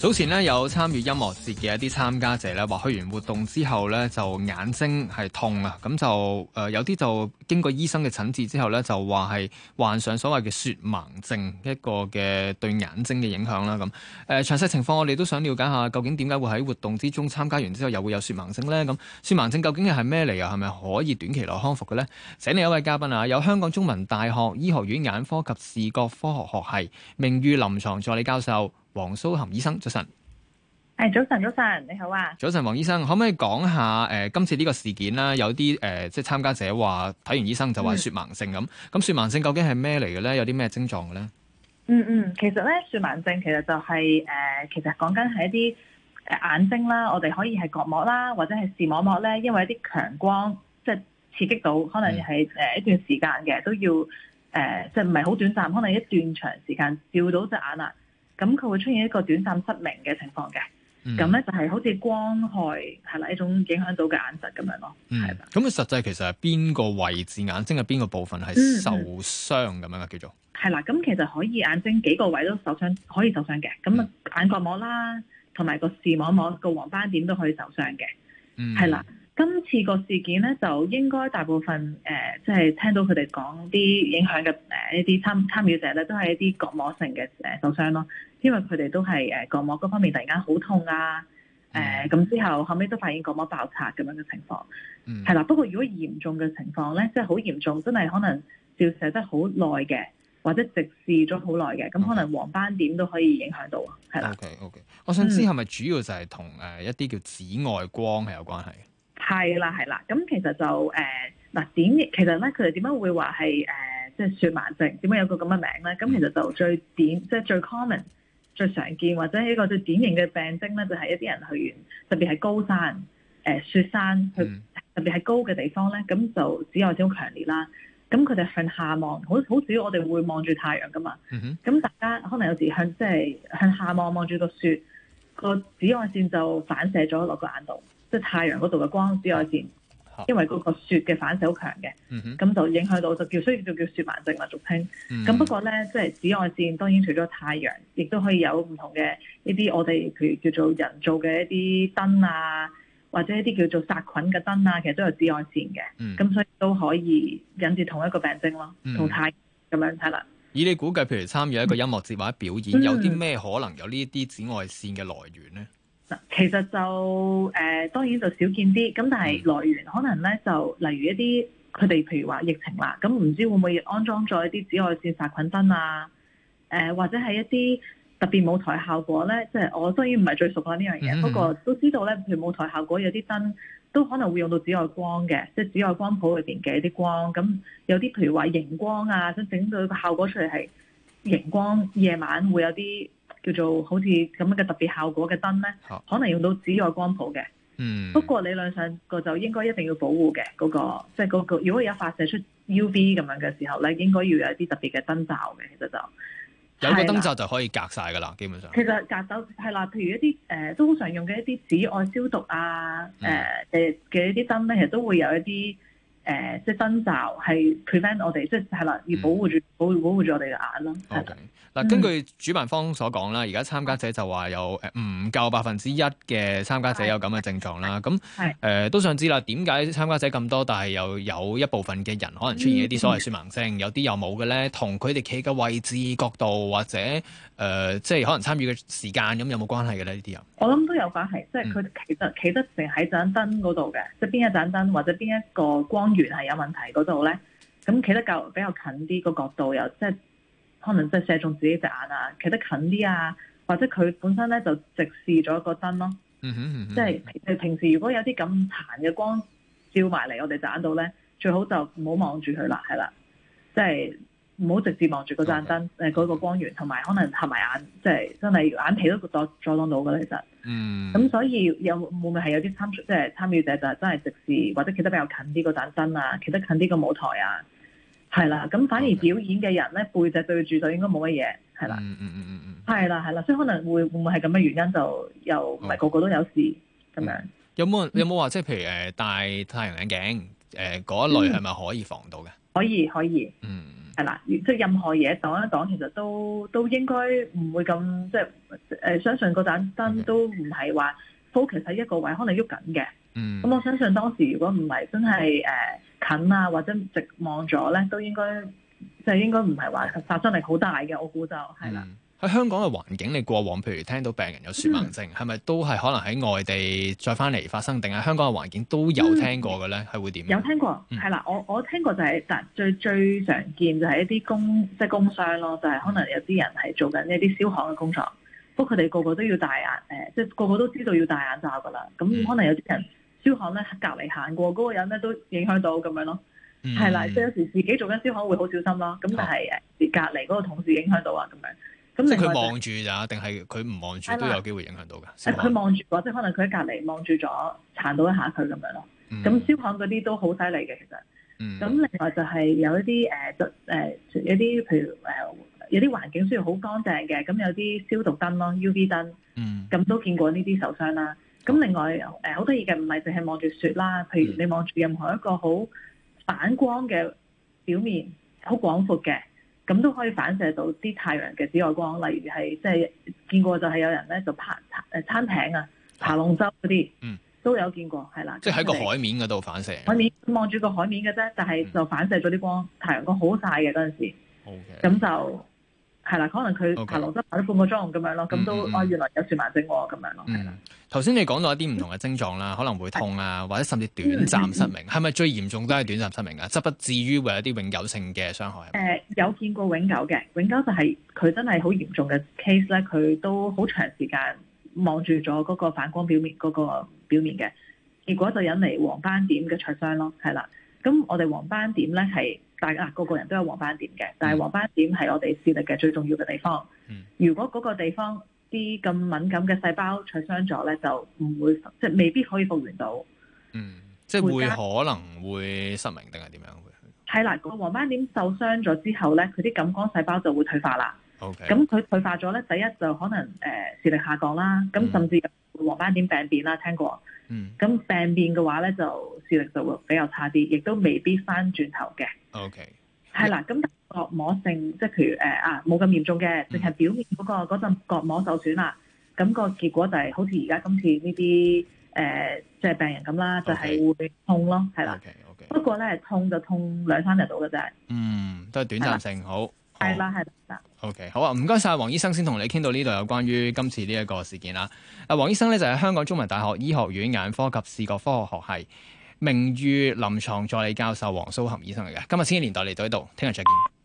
早前呢，有參與音樂節嘅一啲參加者咧，話去完活動之後咧，就眼睛係痛啊！咁就誒、呃、有啲就經過醫生嘅診治之後咧，就話係患上所謂嘅雪盲症，一個嘅對眼睛嘅影響啦。咁誒、呃、詳細情況我哋都想了解下，究竟點解會喺活動之中參加完之後又會有雪盲症呢？咁雪盲症究竟係咩嚟啊？係咪可以短期內康復嘅呢？請嚟一位嘉賓啊！有香港中文大學醫學院眼科及視覺科學學系名譽臨床助理教授。黃蘇晗醫生，早晨。誒，早晨，早晨，你好啊。早晨，黃醫生，可唔可以講下誒、呃、今次呢個事件啦？有啲誒、呃、即係參加者話睇完醫生就話雪盲症咁。咁雪盲症究竟係咩嚟嘅咧？有啲咩症狀嘅咧？嗯嗯，其實咧雪盲症其實就係、是、誒、呃，其實講緊係一啲誒眼睛啦，我哋可以係角膜啦，或者係視網膜咧，因為一啲強光即係刺激到，可能係誒、呃、一段時間嘅，都要誒、呃、即係唔係好短暫，可能一段長時間照到隻眼啊。咁佢會出現一個短暫失明嘅情況嘅，咁咧、嗯、就係好似光害係啦一種影響到嘅眼疾咁樣咯，係啦。咁佢、嗯、實際其實係邊個位置眼睛係邊個部分係受傷咁樣嘅叫做？係啦、嗯，咁吧其實可以眼睛幾個位都受傷，可以受傷嘅。咁啊，眼角膜啦，同埋個視網膜個黃斑點都可以受傷嘅，係啦、嗯。今次個事件咧，就應該大部分誒，即、呃、係、就是、聽到佢哋講啲影響嘅誒一啲參參與者咧，都係一啲角膜性嘅誒受傷咯，因為佢哋都係誒角膜嗰方面突然間好痛啊，誒咁、嗯呃、之後後尾都發現角膜爆拆咁樣嘅情況，嗯，係啦。不過如果嚴重嘅情況咧，即係好嚴重，真係可能照射得好耐嘅，或者直視咗好耐嘅，咁、嗯、可能黃斑點都可以影響到啊。係啦，OK OK，我想知係咪主要就係同誒一啲叫紫外光係有關係？係啦，係啦。咁其實就誒嗱、呃、典型其實咧，佢哋點樣會話係誒即係雪盲症？點解有個咁嘅名咧？咁其實就最典，即係最 common、最常見或者係一個最典型嘅病徵咧，就係、是、一啲人去完，特別係高山、誒、呃、雪山去，特別係高嘅地方咧，咁就紫外線好強烈啦。咁佢哋向下望，好好少我哋會望住太陽噶嘛。咁、嗯、哼大家可能有時向即係向下望，望住個雪，個紫外線就反射咗落個眼度。即係太陽嗰度嘅光紫外線，嗯、因為嗰個雪嘅反射好強嘅，咁、嗯、哼就影響到就叫，所以叫叫雪盲症啦，俗稱。咁、嗯、不過咧，即係紫外線當然除咗太陽，亦都可以有唔同嘅呢啲我哋，譬如叫做人造嘅一啲燈啊，或者一啲叫做殺菌嘅燈啊，其實都有紫外線嘅，咁、嗯、所以都可以引致同一個病症咯，同太陽咁樣睇啦。以你估計，譬如參與一個音樂節或者表演，嗯、有啲咩可能有呢啲紫外線嘅來源咧？嗯嗯其實就誒、呃、當然就少見啲，咁但係來源可能咧就例如一啲佢哋，譬如話疫情啦，咁唔知會唔會安裝咗一啲紫外線殺菌燈啊？誒、呃、或者係一啲特別舞台效果咧，即、就、係、是、我當然唔係最熟啦呢樣嘢，mm hmm. 不過都知道咧，譬如舞台效果有啲燈都可能會用到紫外光嘅，即係紫外光譜裏邊嘅一啲光。咁有啲譬如話熒光啊，即整到個效果出嚟係熒光，夜晚會有啲。叫做好似咁樣嘅特別效果嘅燈咧，可能用到紫外光譜嘅。嗯，不過理論上個就應該一定要保護嘅嗰個，即係嗰個如果有發射出 UV 咁樣嘅時候咧，應該要有一啲特別嘅燈罩嘅。其實就有一個燈罩就可以隔晒噶啦，基本上。其實隔走係啦，譬如一啲誒、呃、都好常用嘅一啲紫外消毒啊，誒誒嘅一啲燈咧，其實都會有一啲誒、呃、即係燈罩係 prevent 我哋，即係係啦，要保護住，保護保護住我哋嘅眼咯。嗱，根據主辦方所講啦，而家參加者就話有誒唔夠百分之一嘅參加者有咁嘅症狀啦。咁誒都想知啦，點解參加者咁多，但係又有一部分嘅人可能出現一啲所謂雪盲症，嗯、有啲又冇嘅咧？同佢哋企嘅位置角度或者誒、呃，即係可能參與嘅時間咁有冇關係嘅呢？呢啲人我諗都有關係，嗯，即係佢其實企得淨係喺盞燈嗰度嘅，即係邊一盞燈或者邊一個光源係有問題嗰度咧？咁企得較比較近啲，個角度又即係。可能真係射中自己隻眼啊，企得近啲啊，或者佢本身咧就直視咗個燈咯。嗯哼， 即係平時如果有啲咁殘嘅光照埋嚟，我哋隻眼度咧，最好就唔好望住佢啦，係啦。即係唔好直接望住個盞燈，誒嗰個光源，同埋可能合埋眼，即係真係眼皮都阻阻擋到嘅。其實，嗯，咁所以有會唔會係有啲參，即係參與者就係真係直視或者企得比較近啲個盞燈啊，企得近啲個舞台啊。係啦，咁反而表演嘅人咧背脊對住就應該冇乜嘢，係啦，係啦、嗯，係、嗯、啦、嗯，所以可能會會唔會係咁嘅原因就又唔係個個都有事咁、嗯、樣。嗯、有冇有冇話即係譬如誒戴太陽眼鏡誒嗰、呃、一類係咪可以防到嘅、嗯？可以可以，嗯，係啦，即係任何嘢擋一擋，其實都都應該唔會咁即係誒、呃、相信個盞燈都唔係話 focus 喺一個位可能喐緊嘅。嗯，咁、嗯、我相信當時如果唔係真係誒。呃近啊，或者直望咗咧，都應該即係應該唔係話殺傷力好大嘅，我估就係啦。喺、嗯、香港嘅環境，你過往譬如聽到病人有雪盲症，係咪、嗯、都係可能喺外地再翻嚟發生，定係香港嘅環境都有聽過嘅咧？係、嗯、會點？有聽過，係啦、嗯，我我聽過就係、是、但最最常見就係一啲工即係工傷咯，就係、是、可能有啲人係做緊一啲燒焊嘅工作，不過佢哋個個都要戴眼誒、呃，即係個個都知道要戴眼罩噶啦，咁可能有啲人。嗯燒焊咧隔離行過，嗰、那個人咧都影響到咁樣咯，係啦、嗯。即有時自己做緊燒焊會好小心啦，咁但係誒，隔離嗰個同事影響到、就是、啊，咁、啊、樣。咁佢望住咋？定係佢唔望住都有機會影響到㗎？佢望住或者可能佢喺隔離望住咗，殘到一下佢咁樣咯。咁燒焊嗰啲都好犀利嘅，其實。咁、嗯、另外就係有一啲誒，就有啲譬如誒、呃，有啲環境需要好乾淨嘅，咁有啲消毒燈咯，U V 燈。嗯。咁都、嗯、見過呢啲受傷啦。咁、嗯、另外，誒好得意嘅唔係淨係望住雪啦，譬如你望住任何一個好反光嘅表面，好廣闊嘅，咁都可以反射到啲太陽嘅紫外光。例如係即係見過，就係有人咧就爬誒撐、呃、艇啊、爬龍舟嗰啲，都有見過，係啦、嗯。了即係喺個海面嗰度反射。海面望住個海面嘅啫，但係就反射咗啲光。嗯、太陽光好晒嘅嗰陣時，咁 Okay. 就。係啦，可能佢爬樓梯爬咗半個鐘咁樣咯，咁都啊，原來有雪盲症喎咁樣咯，係啦、嗯。頭先的你講到一啲唔同嘅症狀啦，可能會痛啊，嗯、或者甚至短暫失明，係咪、嗯嗯、最嚴重都係短暫失明啊？則不至於為一啲永久性嘅傷害。誒、呃，有見過永久嘅，永久就係、是、佢真係好嚴重嘅 case 咧，佢都好長時間望住咗嗰個反光表面嗰、那個表面嘅，結果就引嚟黃斑點嘅灼傷咯，係啦。咁我哋黃斑點咧係。但係啊，個個人都有黃斑點嘅，但係黃斑點係我哋視力嘅最重要嘅地方。嗯，如果嗰個地方啲咁敏感嘅細胞取傷咗咧，就唔會即係未必可以復原到。嗯，即係會可能會失明定係點樣？係啦，個黃斑點受傷咗之後咧，佢啲感光細胞就會退化啦。OK，咁佢退化咗咧，第一就可能誒、呃、視力下降啦，咁甚至黃斑點病變啦，聽過？嗯，咁病變嘅話咧，就視力就會比較差啲，亦都未必翻轉頭嘅。O K，係啦，咁角膜性即係譬如誒、呃、啊，冇咁嚴重嘅，淨係表面嗰、嗰陣、嗯、角膜受損啦，咁、個結果就係、是、好似而家今次呢啲誒即係病人咁啦，okay, 就係會痛咯，係啦。O K，O K，不過咧痛就痛兩三日到嘅啫。嗯，都係短暫性嘅。好。係啦，係啦。O、okay. K，好啊，唔該晒黃醫生，先同你傾到呢度，有關於今次呢一個事件啦。阿、啊、黃醫生呢，就係、是、香港中文大學醫學院眼科及視覺科學學系名譽臨床助理教授黃蘇晗醫生嚟嘅。今日先期，年代嚟到呢度，聽日再見。